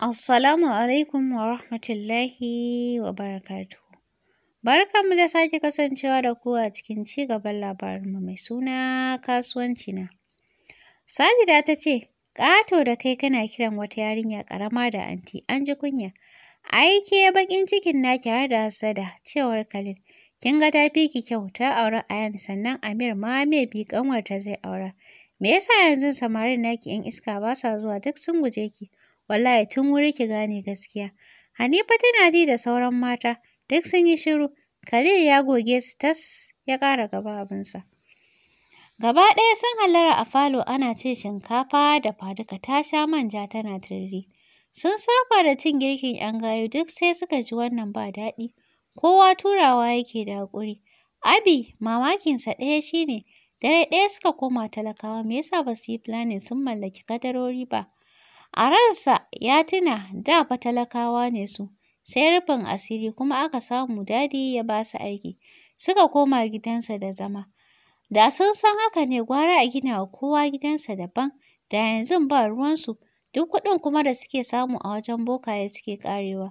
Assalamu alaikum wa rahmatullahi wa barakatuh. Barkanmu da sake kasancewa da ku a cikin ci gaban labarinmu mai suna kasuwanci na. da ta ce, "Ƙato da kai kana kiran wata yarinya ƙarama da anti, an ji kunya. Aike baƙin cikin na har da hasada, cewar Khalil. Kin ga ta fi ki kyau, ta aure Ayan sannan Amir ma mai bi ta zai aura. Me yasa yanzu samarin naki 'yan iska ba sa zuwa duk sun guje ki?" Wallahi tun wuri ki gane gaskiya. Hanifa tana ji da sauran mata, duk sun yi shiru. Khalil ya goge su tas ya ƙara gaba abinsa. Gaba ɗaya sun hallara a falo ana cin shinkafa da faduka ta sha manja tana tururi. Sun saba da cin girkin 'yan gayu duk sai suka ji wannan ba daɗi. Kowa turawa yake da haƙuri. Abi mamakinsa ɗaya shine dare ɗaya suka koma talakawa me yasa ba su yi planning sun mallaki kadarori ba. A ransa ya tuna da fa talakawa ne su, sai rufin asiri kuma aka samu Dadi ya ba su aiki, suka koma gidansa da zama. Da sun san haka ne gwara a gina wa kowa gidansa daban, da yanzu ba ruwansu, duk kuɗin kuma da suke samu a wajen bokaye suke ƙarewa.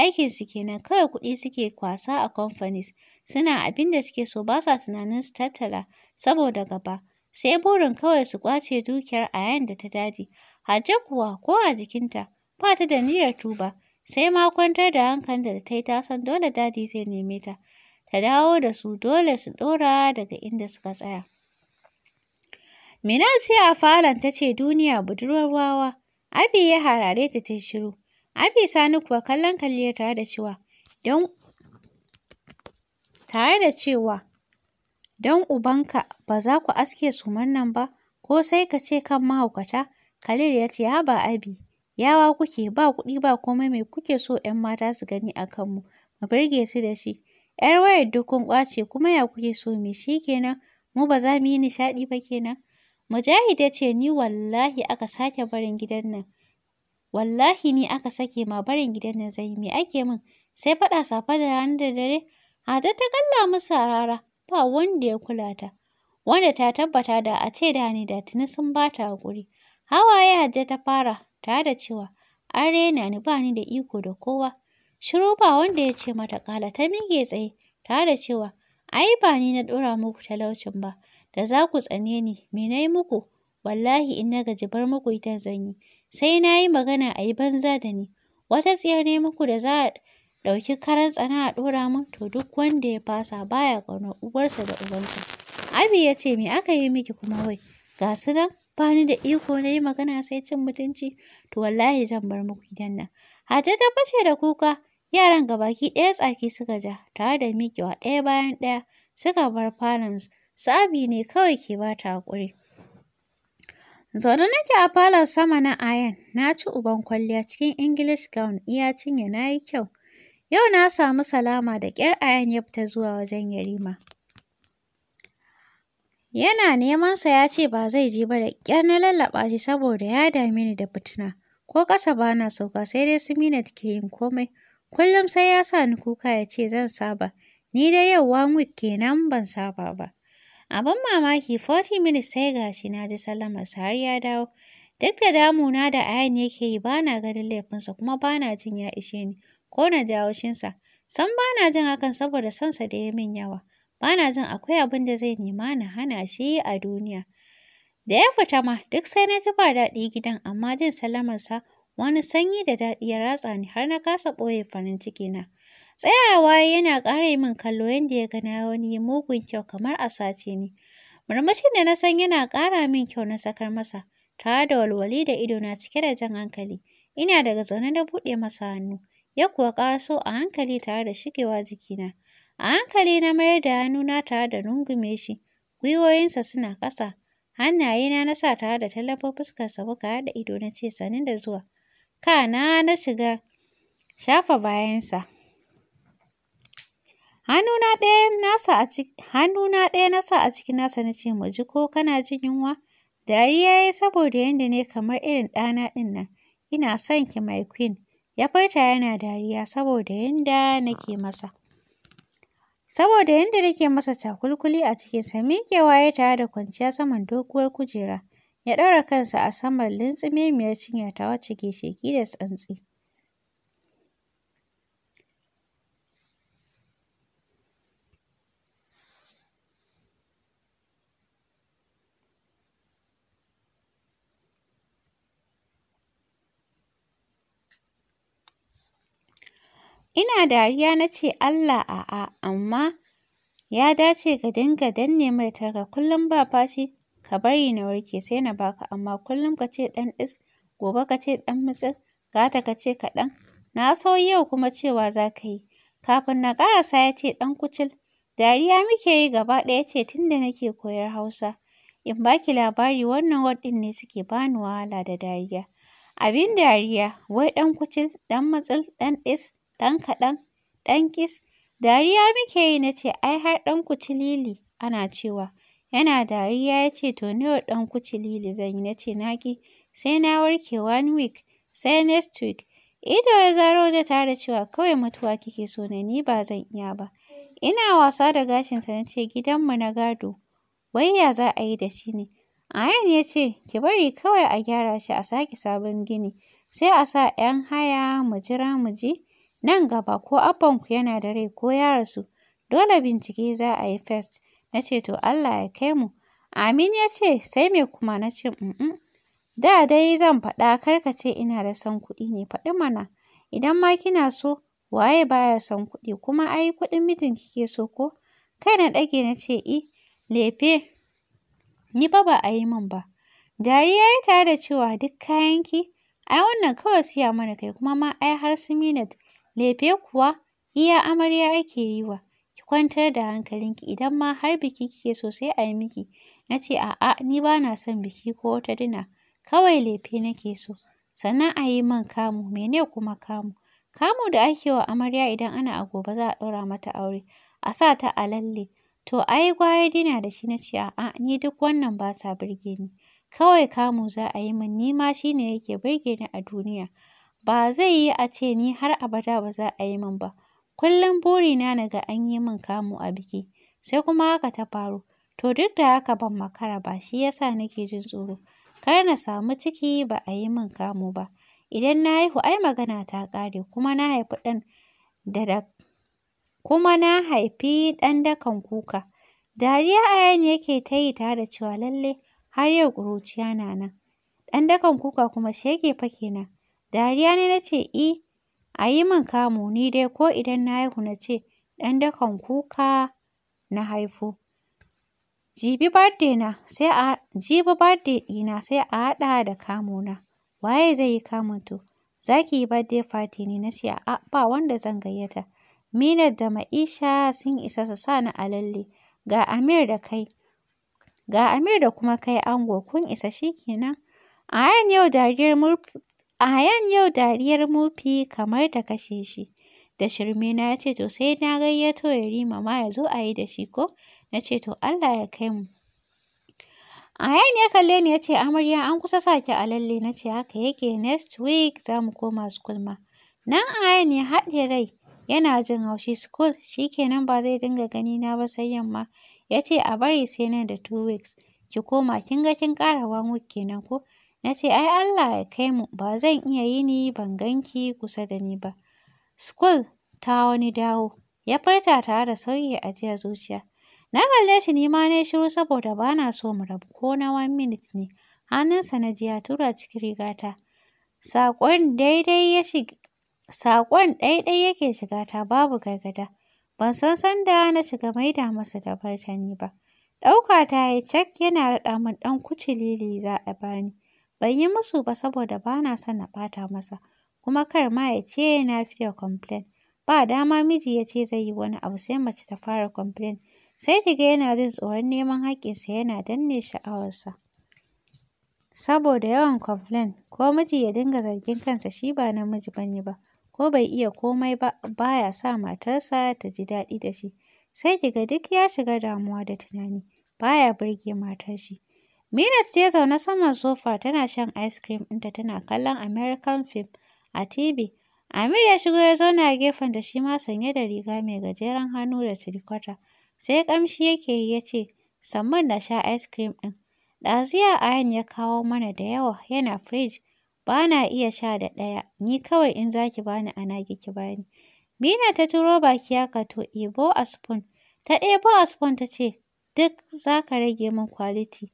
Aikinsu kenan kawai kuɗi suke kwasa a kamfanis, suna abin da suke so ba sa tunanin su tattala saboda gaba. sai burin kawai su ƙwace dukiyar a yayin da ta dadi. Hajja kuwa ko a jikinta ba ta da niyyar tuba, sai ma kwantar da hankalin da ta yi ta san dole dadi zai neme ta. Ta dawo da su dole su ɗora daga inda suka tsaya. Minal sai a falon ta ce duniya budurwar wawa. Abi ya harare ta ta shiru. Abi Sani kuwa kallon kalliyar tare da cewa Don ubanka ba za ku aske sumar nan ba, ko sai ka ce kan mahaukata? Khalil ya ce haba Abi, yawa kuke ba kuɗi ba komai mai kuke so 'yan mata su gani a kanmu, mu birge su da shi. 'Yar wayar duk kun ƙwace kuma ya kuke so me shi kenan, mu ba za mu yi nishaɗi ba kenan. Mujahid ya ce ni wallahi aka sake barin gidan nan. Wallahi ni aka sake ma barin gidan nan zai me ake min sai faɗa safa da ranar da dare. Hada ta kalla musu a rara ba wanda ya kula ta. Wanda ta tabbata da a ce da ne da tuni sun ba ta haƙuri. Hawaye Hajja ta fara tare da cewa an raina ni ba ni da iko da kowa. Shiru ba wanda ya ce mata ƙala ta mige tsaye tare da cewa ai ba ni na ɗora muku talaucin ba da za ku tsane ni me na yi muku wallahi in na gaji bar muku ita zan yi sai na yi magana a yi banza da ni wata tsiyar ne muku da za ɗauki karan tsana a ɗora mun to duk wanda ya fasa baya ƙaunar uwarsa da ubansa. Abi ya ce me aka yi miki kuma wai ga su nan ba ni da iko na yi magana sai cin mutunci to wallahi zan bar muku gidan nan. Hajja ta bace da kuka yaran gabaki ɗaya tsaki suka ja tare da miƙewa ɗaya bayan ɗaya suka bar falon sabi ne kawai ke ba ta haƙuri. Zaune nake a falon sama na ayan na ci uban kwalliya cikin English gown iya cinye na yi kyau. Yau na samu salama da ƙyar Ayan ya fita zuwa wajen Yarima. Yana nemansa ya ce ba zai je ba da ƙyar na lallaɓa shi saboda ya dame ni da fitina. Ko ƙasa ba na sauka sai dai su minat ke yin komai. Kullum sai ya sa ni kuka ya ce zan saba. Ni da yau wan week kenan ban saba ba. Abin mamaki 40 minutes sai gashi na ji sallama har ya dawo. Duk da damuna da ayan yake yi ba na ganin laifinsa kuma ba na jin ya ishe ni. kona na san haushinsa. ba na jin hakan saboda sonsa da ya min yawa. Ba na jin akwai abin da zai nema na hana shi a duniya. Da ya fita ma duk sai na ji ba daɗi gidan amma jin salamarsa, wani sanyi da daɗi ya ratsa ni har na kasa ɓoye farin na Tsayawa yana ƙara min kallo yadda ya gana wani mugun kyau kamar a sace ni. Murmushin da na san yana ƙara min kyau na sakar masa, tare da walwali da ido na cike da jan hankali. Ina daga zaune na buɗe masa hannu. ya kuwa ƙaso a hankali tare da shigewa jikina. A hankali na mayar da hannuna tare da rungume shi, gwiwoyinsa suna ƙasa. Hannayena na sa tare da tallafo fuskarsa muka haɗa ido na ce sanin da zuwa. Kana na shiga shafa bayansa. Hannuna ɗaya na sa a cikin nasa na ce mu ji ko kana jin yunwa? Dariya ya yi saboda yadda ne kamar irin ɗana ɗin nan. Ina son ki my queen. Ya furta yana dariya saboda yanda nake masa. Saboda yanda nake masa cakulkuli a cikinsa, miƙewa ya tare da kwanciya saman doguwar kujera. Ya ɗaura kansa a saman cinya ta wacce ke sheƙi da tsantsi. Ina dariya na ce Allah a'a amma ya dace ka dinga danne mai tarka kullum ba fashi ka bari na warke sai na baka amma kullum ka ce ɗan ɗis gobe ka ce ɗan mutsir gata ka ce kaɗan na so yau kuma cewa za ka yi kafin na ƙarasa ya ce ɗan kucil dariya muke yi gaba ɗaya ce tunda nake koyar Hausa in baki labari wannan word ne suke bani wahala da dariya abin dariya wai ɗan kucil ɗan mutsil ɗan ɗis ɗan kaɗan, ɗan ƙis. Dariya muke yi nace ce ai har ɗan kucilili ana cewa. Yana dariya ya ce to nawa ɗan kucilili zan yi na ce Sai na warke one week, sai next week. Ido ya zaro da tare cewa kawai mutuwa kike so na ni ba zan iya ba. Ina wasa da gashinsa nace ce gidanmu na gado. Wai ya za a yi da shi ne? Ayan ya ce ki bari kawai a gyara shi a sake sabon gini. Sai a sa ‘yan haya mu jira mu ji Nan gaba ko abbanku yana da rai ko ya rasu, dole bincike za a yi fes. Na ce to Allah ya kai mu. Amin ya ce sai me kuma na ce mm Da dai zan faɗa kar ce ina da son kuɗi ne faɗi mana. Idan ma kina so waye baya son kuɗi kuma ai kuɗin mijin kike so ko? Kai na ɗage na ce i lefe ni ba ba a yi min ba. Dariya ya tare da cewa duk kayanki ai wannan kawai siya mana kai kuma ma ai har su minit Lefe kuwa iya amarya ake yi wa. Ki kwantar da hankalinki idan ma har biki kike so sai a yi miki. Na ce a'a ni ba na son biki ko wata dina, kawai lefe nake so. Sannan a yi min kamu, mene kuma kamu? Kamu da ake wa amarya idan ana a gobe za a ɗaura mata aure, a sa ta a lalle. To ai gwara dina da shi na ce a'a ni duk wannan ba sa burge ni. Kawai kamu za a yi min ni ma shi ne yake burge ni a duniya. Ba zai yi a ce ni har abada ba za a yi min ba. Kullum burina na ga an yi min kamu a biki, sai kuma haka ta faru. To duk da haka ban makara ba, shi ya sa nake jin tsoro. Kar na samu ciki ba a yi min kamu ba. Idan na haihu ai magana ta ƙare kuma na haifi ɗan da kuma na haifi ɗan dakan kuka. Dariya a Ayaan yake ta yi tare da cewa lalle har yau ƙuruciya na nan. Ɗan dakan kuka kuma shi fa ke Dariya ne na ce, I, a yi min kamu ni dai ko idan na haihu na ce ɗan dakan kuka na haifu. Jibi birthday na sai a jibi birthday ɗina sai a haɗa da kamu na Waye zai yi kamun to? Za ki yi birthday party ne? Na ce a'a ba wanda zan gayyata. Minat da Ma'isha sun isa su sa ni a lalle. Ga Amir da kai, ga Amir da kuma kai ango kun isa shi ke A yau dariyar mur A Hayan yau dariyar mofi kamar ta kashe shi, da shirme na ya ce to sai na gayyato ya rima ma ya zo a yi da shi ko, na ce to Allah ya kai mu. A Hayan ya kalle ni ya ce amarya an kusa sake a lalle na ce haka yake next week za mu koma school ma. Nan a Hayan ya haɗe rai yana jin haushi school shi kenan ba zai dinga gani na ba sai yamma ya ce a bari sai nan da two weeks ki koma kin ga kin ƙara one week kenan ko. Na ce, ai Allah ya kai mu, ba zan iya ni ban ganki kusa da ni ba. School ta wani dawo, ya farta tare da sauyi a jiya zuciya. Na kalle shi ni ma na shiru saboda ba na so mu rabu ko na one minute ne. Hannunsa na ji ya tura cikin rigata. Saƙon daidai ya shiga. Saƙon ɗaiɗai yake shiga ta babu gargada. Ban san sanda na shiga maida masa da bartani ba. Ɗauka ta yi cak yana raɗa min ɗan kucilili za a bani. Ban yi musu ba saboda ba na son na ɓata masa, kuma kar ma ya ce na fiye complain. Ba dama miji ya ce zai yi wani abu sai mace ta fara complain, sai ki ga yana jin tsoron neman haƙƙinsa yana danne sha'awarsa. Saboda yawan complain, ko miji ya dinga zargin kansa shi ba namiji ba ne ba, ko bai iya komai ba, ba ya sa matarsa ta ji daɗi da shi. Sai ki ga duk ya shiga damuwa da tunani, ba ya burge matar shi. Minat ya zaune saman sofa tana shan ice cream ɗinta tana kallon American film a TV. Amir ya shigo ya zauna a gefen da shi ma sanye da riga mai gajeren hannu da tirikwata. Sai ƙamshi yake yi ya ce, Samman na sha ice cream ɗin. Ɗaziya Ayan ya kawo mana da yawa yana fridge. Ba na iya sha da ɗaya, ni kawai in za ki bani ana ki bani. Mina ta turo baki ya kato "Ibo a spoon. Ta ɗebo a spoon ta ce, duk za ka rage min quality.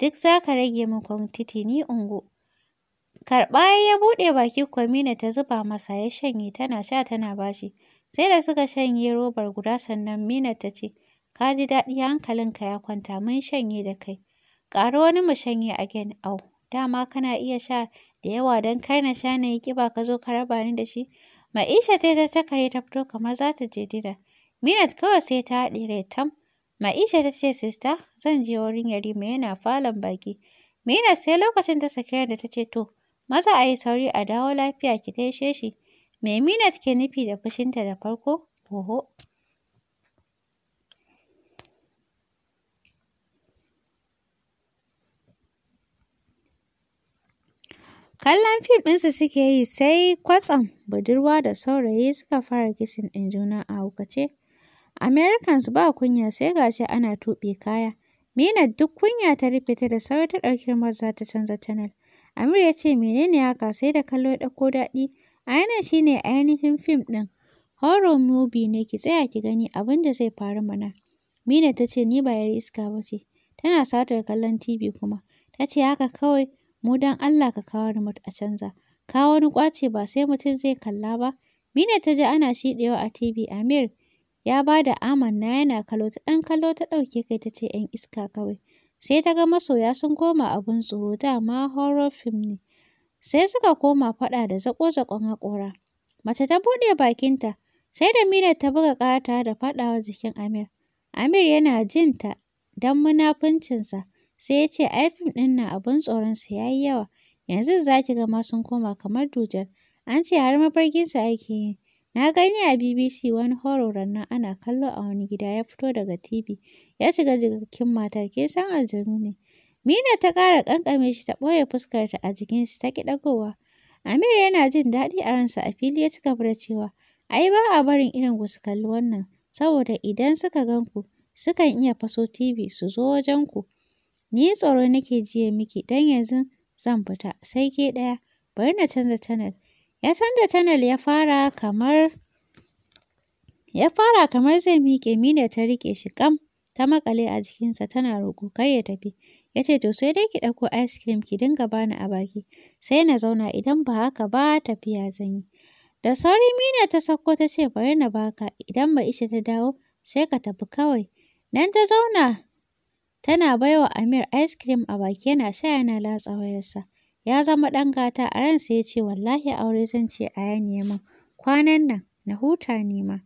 duk za ka rage min kwantiti ni ungo. Karɓa ya buɗe baki kwamina ta zuba masa ya shanye tana sha tana bashi. Sai da suka shanye robar guda sannan Mina ta ce, Ka ji daɗi hankalinka ya kwanta mun shanye da kai. Ƙara wani mu shanye a again au. Dama kana iya sha da yawa don kar na sha na yi ƙiba ka zo ka raba ni da shi. Ma'isha ta ta takare ta fito kamar za ta je dina. Minat kawai sai ta haɗe rai tam. Ma'isha ta ce sista zan je wurin Yarima yana falon baki. Mina sai lokacin ta sakira da ta ce to maza a yi sauri a dawo lafiya ki gaishe shi. Me Minat ke nufi da fushinta da farko? Oho. Kallon fim ɗinsu suke yi sai kwatsam budurwa da saurayi suka fara kisin ɗin juna a haukace. Americans ba kunya sai ga ana tuɓe kaya. Minat duk kunya ta rufe ta da sauri ta ɗauki rumar za ta canza canal. Amir ya ce menene haka sai da kallo ya ɗauko daɗi. A shi ne ainihin fim ɗin. Horror movie ne ki tsaya ki gani abin da zai faru mana. mina ta ce ni ba yar iska ba ce. Tana satar kallon TV kuma. Ta ce haka kawai mu dan Allah ka kawo remote a canza. Ka wani kwace ba sai mutum zai kalla ba. mina ta ji ana shiɗewa a TV Amir Ya ba da amanna yana kallo ta ɗan kallo ta ɗauke kai ta ce ‘yan iska kawai. Sai ta ga masoya sun koma abin tsoro dama horror film ne. Sai suka koma faɗa da zaƙo-zaƙon haƙora. Mace ta buɗe bakinta sai da mina ta buga ƙata da faɗawa jikin Amir. Amir yana jin ta don munafuncinsa sai ya ce ai ɗin nan abin tsoronsa ya yi yawa. yanzu za ki ga ma sun koma kamar dujal an ce har mafarkinsa ake yi Na gani a BBC wani horo rannan ana kallo a wani gida ya fito daga TV ya shiga jikin matar “Ke san aljanu ne?” mina ta ƙara ƙanƙame shi ta ɓoye fuskarta a jikin shi ta ƙi ɗagowa. Amir yana jin daɗi a ransa a fili ya gaba da cewa, “Ai ba a barin ku su kalli wannan, saboda idan suka gan ku, sukan iya faso TV su zo wajen ku. Ni tsoro nake jiye miki dan yanzu zan fita, sai ke ɗaya, bari na canza canal.” Ya da canal ya fara kamar ya fara kamar zai miƙe Mina ta riƙe shi kam ta makale a jikinsa tana roƙo kar ya tafi. Ya ce to sai dai ki ɗauko ice cream ki dinga bani a baki sai na zauna idan ba haka ba tafiya zan yi. Da sauri Mina ta sauko ta ce bari na baka idan Maisha ta dawo sai ka tafi kawai. Nan ta zauna tana baiwa Amir ice cream a baki yana sha yana latsa wayarsa. Ya zama ɗan gata a ransa ya ce wallahi aure zan ce a ya nema kwanan nan na huta nema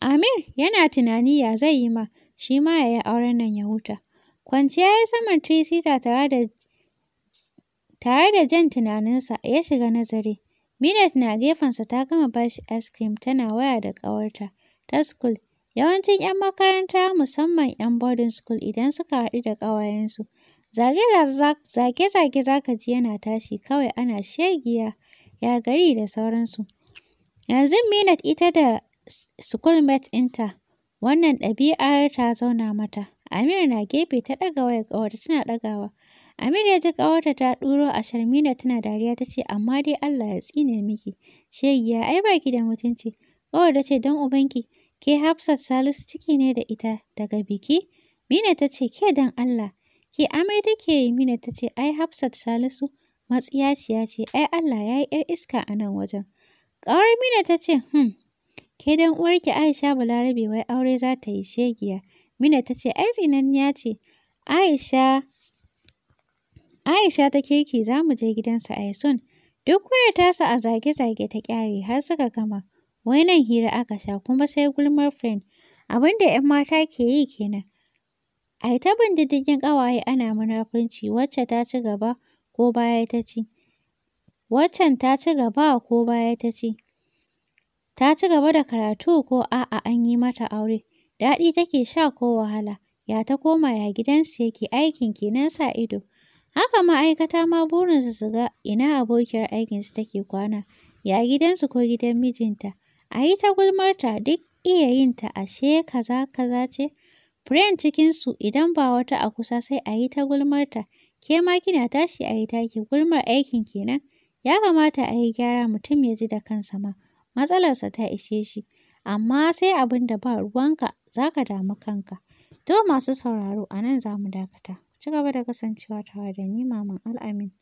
Amir yana tunani ya zai yi ma shi ma ya yi auren nan ya huta. Kwanciya ya saman tirisita tare da tare da jan tunaninsa ya shiga nazari. Minet na gefensa ta gama bashi ice cream tana waya da ƙawarta ta school. Yawancin 'yan makaranta musamman 'yan boarding school idan suka haɗu da ƙawayensu, zage-zage za ka ji yana tashi kawai ana shegiya, ya gari da sauransu. Yanzu Minat ita da schoolmate ɗinta, wannan ɗabi'ar ta zauna mata. Amir na gefe ta ɗaga wayar ƙawarta tana ɗagawa. Amir ya ji ƙawarta ta ɗuro a Minat tana dariya ta ce, amma dai Allah ya tsine miki, shegiya ai ba ki da mutunci. kawar ta ce don ubanki, ke Hafsat Salisu ciki ne da ita daga biki? Mina ta ce ke don Allah, ke amai take yi Mina ta ce ai Hafsat Salisu matsiyaciya ce ai Allah ya yi ‘yar iska a nan wajen. kawar Mina ta ce hmm, ke don uwarki Aisha Balarabe wai aure za ta yi shegiya. Mina ta ce ai ya ce Aisha ta kirki za mu je gidansa a Duk wayar tasa a zage-zage ta kyare har suka gama. Wai nan hira aka sha kuma sai gulmar friend. Abinda da 'yan mata ke yi kenan. A ta bin diddigin ƙawaye ana munafurci wacce ta ci gaba ko baya ta ci. Waccan ta ci gaba ko baya ta ci. Ta ci gaba da karatu ko a'a an yi mata aure. Daɗi take sha ko wahala. Ya ta koma ya gidansu yake aikin kenan sa ido. Haka ma'aikata ma burinsu su ga ina abokiyar aikinsu take kwana, ya gidansu ko gidan mijinta. A yi ta gulmarta duk iya yin ta ashe kaza-kaza ce. Friend cikinsu idan ba wata a kusa sai a yi ta gulmarta, ke ma kina tashi a yi taki gulmar aikin kenan. Ya kamata a yi gyara mutum ya ji da kansa ma, matsalarsa ta ishe shi. Amma sai abin da ba ruwanka za ka damu kanka. To masu sauraro a nan za mu dakata. ci gaba da kasancewa tare da ni Maman Al'amin.